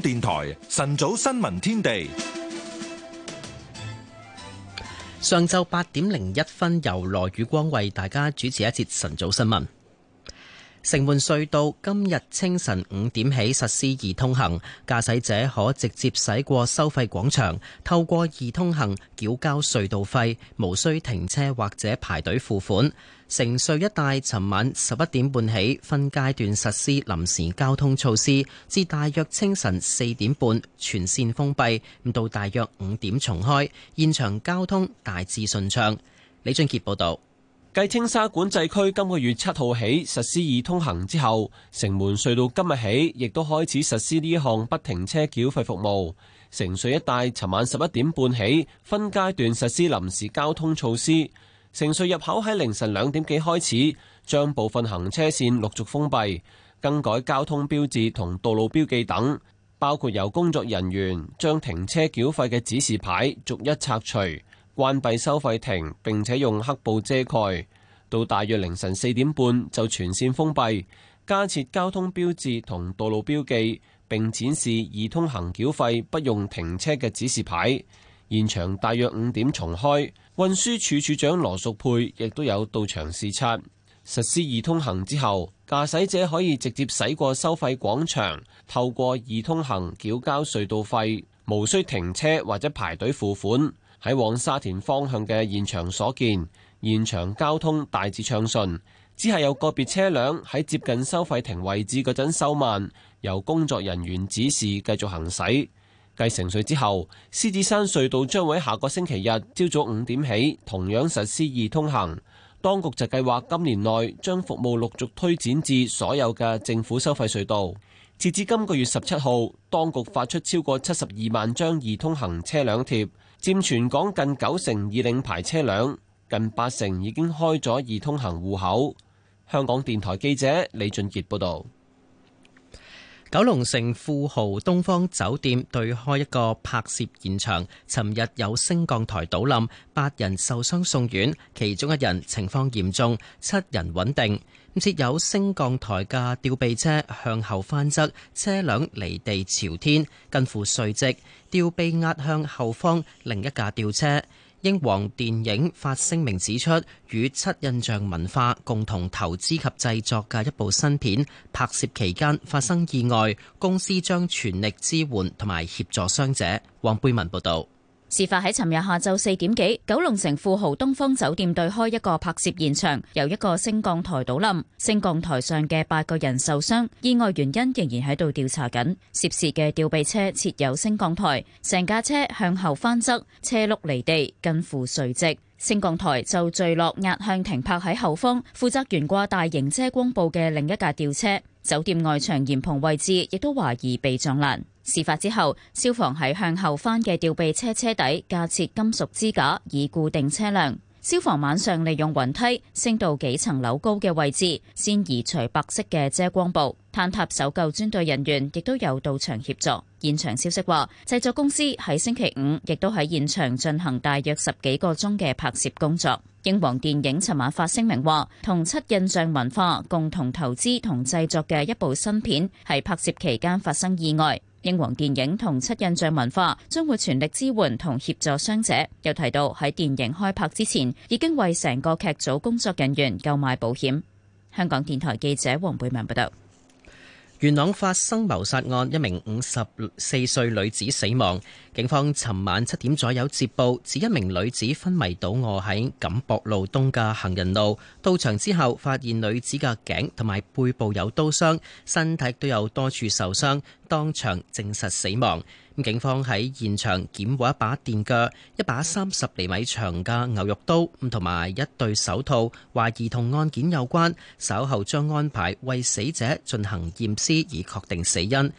電台晨早新聞天地，上晝八點零一分由羅宇光為大家主持一節晨早新聞。城門隧道今日清晨五點起實施易通行，駕駛者可直接駛過收費廣場，透過易通行繳交隧道費，無需停車或者排隊付款。城隧一帶尋晚十一點半起分階段實施臨時交通措施，至大約清晨四點半全綫封閉，咁到大約五點重開，現場交通大致順暢。李俊傑報道。繼青沙管制區今個月七號起實施易通行之後，城門隧道今日起亦都開始實施呢項不停車繳費服務。城隧一帶尋晚十一點半起，分階段實施臨時交通措施。城隧入口喺凌晨兩點幾開始，將部分行車綫陸續封閉，更改交通標誌同道路標記等，包括由工作人員將停車繳費嘅指示牌逐一拆除。關閉收費亭，並且用黑布遮蓋。到大約凌晨四點半就全線封閉，加設交通標誌同道路標記，並展示易通行繳費不用停車嘅指示牌。現場大約五點重開。運輸署署長羅淑佩亦都有到場視察。實施易通行之後，駕駛者可以直接駛過收費廣場，透過易通行繳交隧道費，無需停車或者排隊付款。喺往沙田方向嘅現場所見，現場交通大致暢順，只係有個別車輛喺接近收費亭位置嗰陣收慢，由工作人員指示繼續行駛。繼城隧之後，獅子山隧道將會喺下個星期日朝早五點起同樣實施易通行，當局就計劃今年內將服務陸續推展至所有嘅政府收費隧道。截至今個月十七號，當局發出超過七十二萬張易通行車輛貼，佔全港近九成已領牌車輛，近八成已經開咗易通行戶口。香港電台記者李俊傑報道。九龍城富豪東方酒店對開一個拍攝現場，尋日有升降台倒冧，八人受傷送院，其中一人情況嚴重，七人穩定。設有升降台嘅吊臂車向後翻側，車輛離地朝天，近乎垂直，吊臂壓向後方，另一架吊車。英皇電影發聲明指出，與七印象文化共同投資及製作嘅一部新片，拍攝期間發生意外，公司將全力支援同埋協助傷者。黃貝文報道。事發喺尋日下晝四點幾，九龍城富豪東方酒店對開一個拍攝現場，由一個升降台倒冧，升降台上嘅八個人受傷。意外原因仍然喺度調查緊。涉事嘅吊臂車設有升降台，成架車向後翻側，車轆離地，近乎垂直。升降台就墜落壓向停泊喺後方負責懸掛大型遮光布嘅另一架吊車。酒店外牆檐篷位置亦都懷疑被撞爛。事發之後，消防喺向後翻嘅吊臂車車底架設金屬支架，以固定車輛。消防晚上利用雲梯升到幾層樓高嘅位置，先移除白色嘅遮光布。坍塌搜救專隊人員亦都有到場協助。現場消息話，製作公司喺星期五亦都喺現場進行大約十幾個鐘嘅拍攝工作。英皇電影尋晚發聲明話，同七印象文化共同投資同製作嘅一部新片，喺拍攝期間發生意外。英皇電影同七印象文化將會全力支援同協助傷者。又提到喺電影開拍之前，已經為成個劇組工作人員購買保險。香港電台記者黃貝文報道。元朗發生謀殺案，一名五十四歲女子死亡。警方尋晚七點左右接報，指一名女子昏迷倒卧喺錦壆路東嘅行人路。到場之後，發現女子嘅頸同埋背部有刀傷，身體都有多處受傷。當場證實死亡。警方喺現場檢獲一把電鋸、一把三十厘米長嘅牛肉刀，同埋一對手套，懷疑同案件有關。稍後將安排為死者進行驗屍，以確定死因。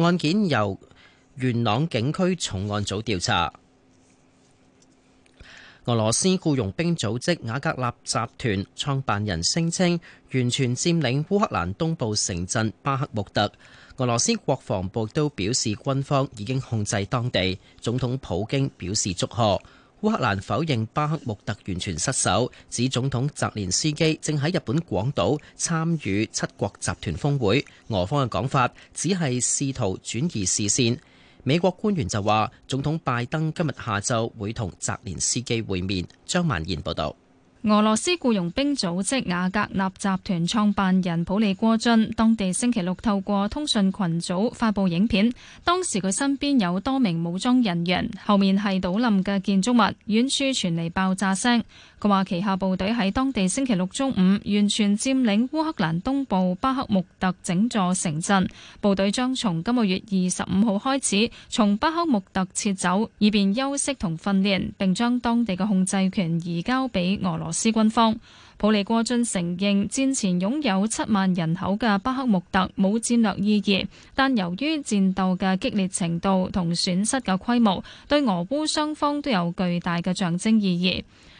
案件由元朗警區重案組調查。俄羅斯僱傭兵組織雅格納集團創辦人聲稱，完全佔領烏克蘭東部城鎮巴克穆特。俄羅斯國防部都表示軍方已經控制當地。總統普京表示祝賀。烏克蘭否認巴克穆特完全失守，指總統澤連斯基正喺日本廣島參與七國集團峰會。俄方嘅講法只係試圖轉移視線。美國官員就話，總統拜登今日下晝會同澤連斯基會面。張萬燕報道。俄羅斯僱傭兵組織雅格納集團創辦人普利戈津，當地星期六透過通訊群組發佈影片，當時佢身邊有多名武裝人員，後面係倒冧嘅建築物，遠處傳嚟爆炸聲。佢話旗下部隊喺當地星期六中午完全佔領烏克蘭東部巴克穆特整座城鎮，部隊將從今個月二十五號開始從巴克穆特撤走，以便休息同訓練，並將當地嘅控制權移交俾俄羅斯。斯軍方，普里戈津承認戰前擁有七萬人口嘅巴克穆特冇戰略意義，但由於戰鬥嘅激烈程度同損失嘅規模，對俄烏雙方都有巨大嘅象徵意義。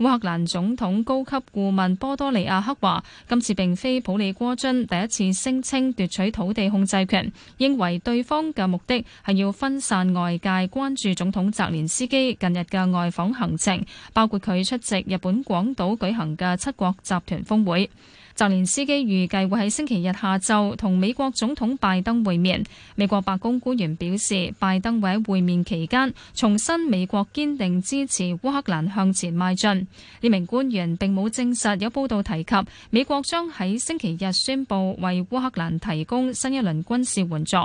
烏克蘭總統高級顧問波多利亞克話：今次並非普利戈津第一次聲稱奪取土地控制權，認為對方嘅目的係要分散外界關注總統澤連斯基近日嘅外訪行程，包括佢出席日本廣島舉行嘅七國集團峰會。澤連斯基預計會喺星期日下晝同美國總統拜登會面。美國白宮官員表示，拜登會喺會面期間重申美國堅定支持烏克蘭向前邁進。呢名官員並冇證實有報道提及美國將喺星期日宣布為烏克蘭提供新一輪軍事援助。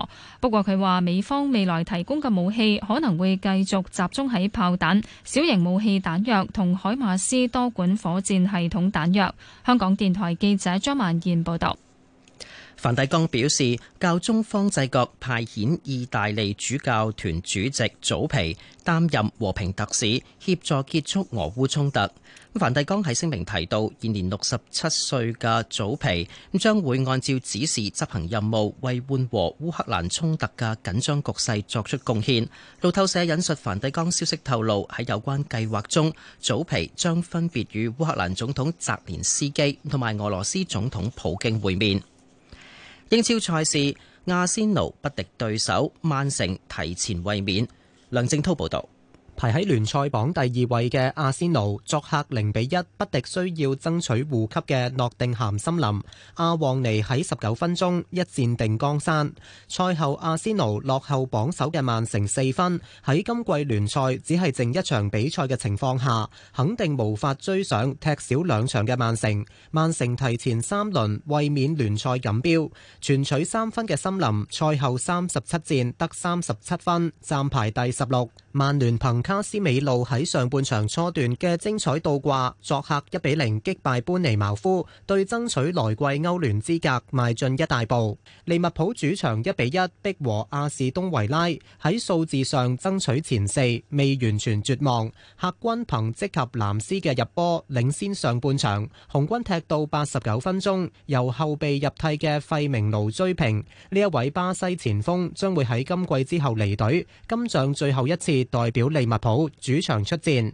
不過佢話，美方未來提供嘅武器可能會繼續集中喺炮彈、小型武器彈藥同海馬斯多管火箭系統彈藥。香港電台記。記者張萬燕報道。梵蒂岡表示，教宗方濟各派遣意大利主教團主席祖皮擔任和平特使，協助結束俄烏衝突。梵蒂岡喺聲明提到，現年六十七歲嘅祖皮，將會按照指示執行任務，為緩和烏克蘭衝突嘅緊張局勢作出貢獻。路透社引述梵蒂岡消息透露，喺有關計劃中，祖皮將分別與烏克蘭總統澤連斯基同埋俄羅斯總統普京會面。英超賽事，阿仙奴不敵對手，曼城提前衛冕。梁正濤報道。排喺聯賽榜第二位嘅阿仙奴作客零比一不敵需要爭取護級嘅諾定咸森林，阿旺尼喺十九分鐘一戰定江山。賽後阿仙奴落後榜首嘅曼城四分，喺今季聯賽只係剩一場比賽嘅情況下，肯定無法追上踢少兩場嘅曼城。曼城提前三輪衛冕聯賽錦標，全取三分嘅森林賽後三十七戰得三十七分，暫排第十六。曼聯憑。卡斯美路喺上半場初段嘅精彩倒掛，作客一比零擊敗班尼茅夫，對爭取來季歐聯資格邁進一大步。利物浦主場一比一逼和阿士東維拉，喺數字上爭取前四未完全絕望。客軍憑積及藍斯嘅入波領先上半場，紅軍踢到八十九分鐘，由後備入替嘅費明奴追平。呢一位巴西前鋒將會喺今季之後離隊，今仗最後一次代表利物浦。普主場出戰。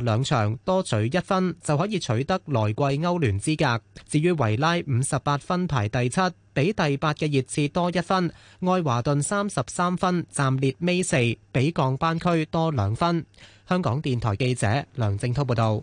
兩場多取一分就可以取得來季歐聯資格。至於維拉五十八分排第七，比第八嘅熱刺多一分；愛華頓三十三分暫列尾四，比降班區多兩分。香港電台記者梁靜濤報道。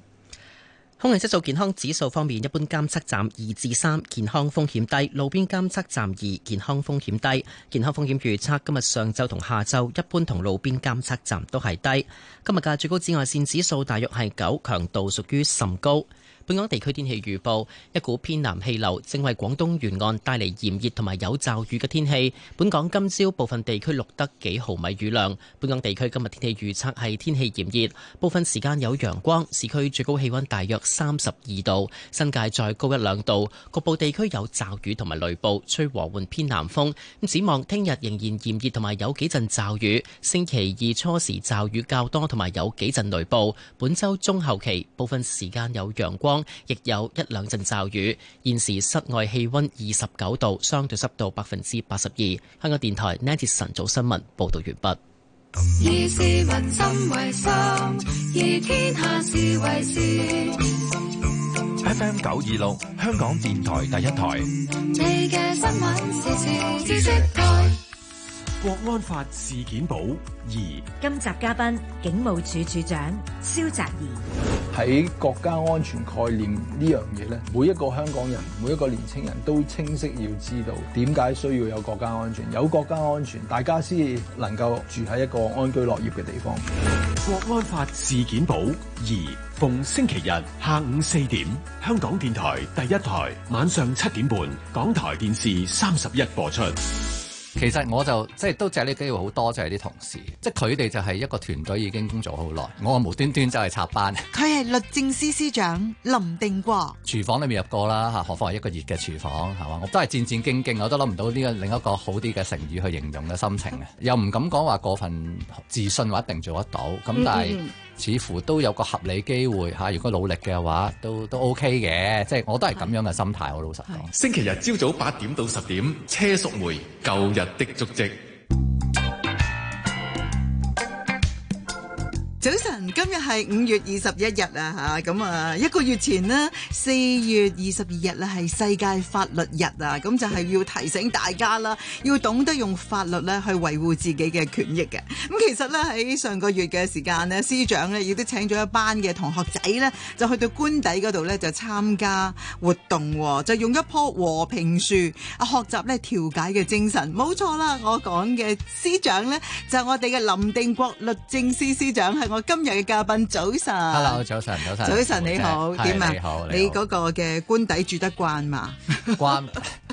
空氣質素健康指數方面，一般監測站二至三，健康風險低；路邊監測站二，健康風險低。健康風險預測今日上晝同下晝，一般同路邊監測站都係低。今日嘅最高紫外線指數大約係九，強度屬於甚高。本港地區天氣預報，一股偏南氣流正為廣東沿岸帶嚟炎熱同埋有驟雨嘅天氣，本港今朝部分地區錄得幾毫米雨量。本港地區今日天氣預測係天氣炎熱，部分時間有陽光，市區最高氣溫大約三十二度，新界再高一兩度，局部地區有驟雨同埋雷暴，吹和緩偏南風，咁展望聽日仍然炎熱同埋有幾陣驟雨，星期二初時驟雨較多同埋有幾陣雷暴。本周中後期部分時間有陽光。亦有一兩陣驟雨。現時室外氣溫二十九度，相對濕度百分之八十二。香港電台《n a t u s e 晨早新聞》報道完畢。以市民心為心，以天下事為事。F.M. 九二六，香港電台第一台。國安法事件簿二，今集嘉賓警務處處長蕭澤頤。喺國家安全概念呢樣嘢呢，每一個香港人，每一個年青人都清晰要知道點解需要有國家安全，有國家安全，大家先能夠住喺一個安居樂業嘅地方。國安法事件簿二，逢星期日下午四點香港電台第一台，晚上七點半港台電視三十一播出。其實我就即係都借呢機會，好多謝啲同事，即係佢哋就係一個團隊已經工作好耐，我無端端就係插班。佢係律政司司長林定國，廚房都未入過啦嚇，何況係一個熱嘅廚房係嘛？我都係戰戰兢兢，我都諗唔到呢、這個另一個好啲嘅成語去形容嘅心情嘅，嗯、又唔敢講話過分自信話一定做得到，咁但係。嗯嗯似乎都有個合理機會吓，如果努力嘅話，都都 OK 嘅，即係我都係咁樣嘅心態，我老實講。星期日朝早八點到十點，車淑梅，舊日的足跡。早晨，今日係五月二十一日啊，吓咁啊，一個月前呢，四月二十二日咧係世界法律日啊，咁就係、是、要提醒大家啦，要懂得用法律咧去維護自己嘅權益嘅。咁、啊、其實咧喺上個月嘅時間呢，司長咧亦都請咗一班嘅同學仔咧，就去到官邸嗰度咧就參加活動，就用一棵和平樹啊，學習咧調解嘅精神。冇錯啦，我講嘅司長咧就係、我哋嘅林定國律政司司長係。我今日嘅嘉賓，早晨。Hello，早晨，早晨，早晨你好，點啊？你好，你嗰個嘅官邸住得慣嘛？慣。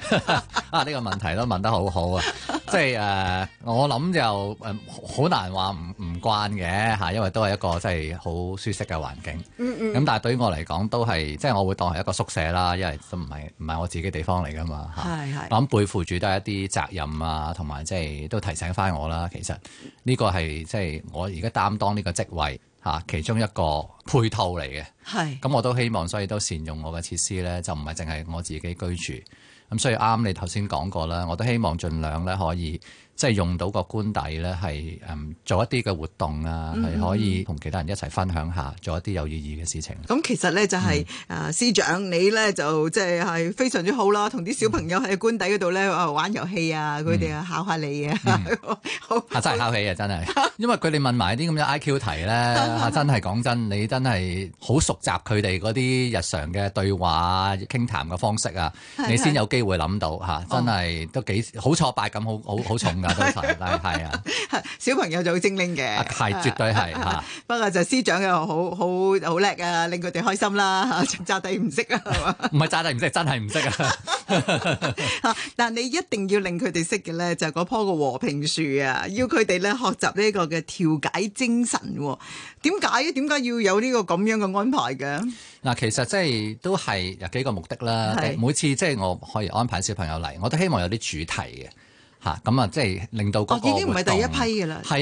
啊！呢、這個問題都問得好好啊，即係誒、呃，我諗就誒好、呃、難話唔唔慣嘅吓，因為都係一個即係好舒適嘅環境。咁、嗯嗯、但係對於我嚟講，都係即係我會當係一個宿舍啦，因為都唔係唔係我自己地方嚟㗎嘛吓。係、啊、係。是是我背負住都係一啲責任啊，同埋即係都提醒返我啦。其實呢個係即係我而家擔當呢個職位吓、啊、其中一個配套嚟嘅。係是。咁我都希望，所以都善用我嘅設施咧，就唔係淨係我自己居住。咁所以啱你頭先講過啦，我都希望盡量咧可以。即係用到個官邸咧，係、um, 誒做一啲嘅活動啊，係可以同其他人一齊分享下，做一啲有意義嘅事情。咁、嗯、其實咧就係、是、誒、嗯啊、司長你咧就即係係非常之好啦、啊，同啲小朋友喺官邸度咧啊玩遊戲啊，佢哋啊考，考下你啊，嗯、 好啊真係考起啊真係，因為佢哋問埋啲咁樣 I Q 題咧，啊 真係講真，你真係好熟習佢哋啲日常嘅對話傾談嘅方式啊， 你先有機會諗到吓、啊、真係都幾好挫敗咁，好好好重㗎。係啊， 小朋友就好精靈嘅，係 絕對係啊。 不過就師長又好好好叻啊，令佢哋開心啦。扎地唔識啊，係嘛？唔係扎地唔識，真係唔識啊。但係你一定要令佢哋識嘅咧，就嗰棵嘅和平樹啊， 要佢哋咧學習呢一個嘅調解精神。點解？點解要有呢個咁樣嘅安排嘅？嗱，其實即係都係有幾個目的啦。是每次即係我可以安排小朋友嚟，我都希望有啲主題嘅。吓，咁啊！即係令到個、哦、已經唔係第一批嘅喇。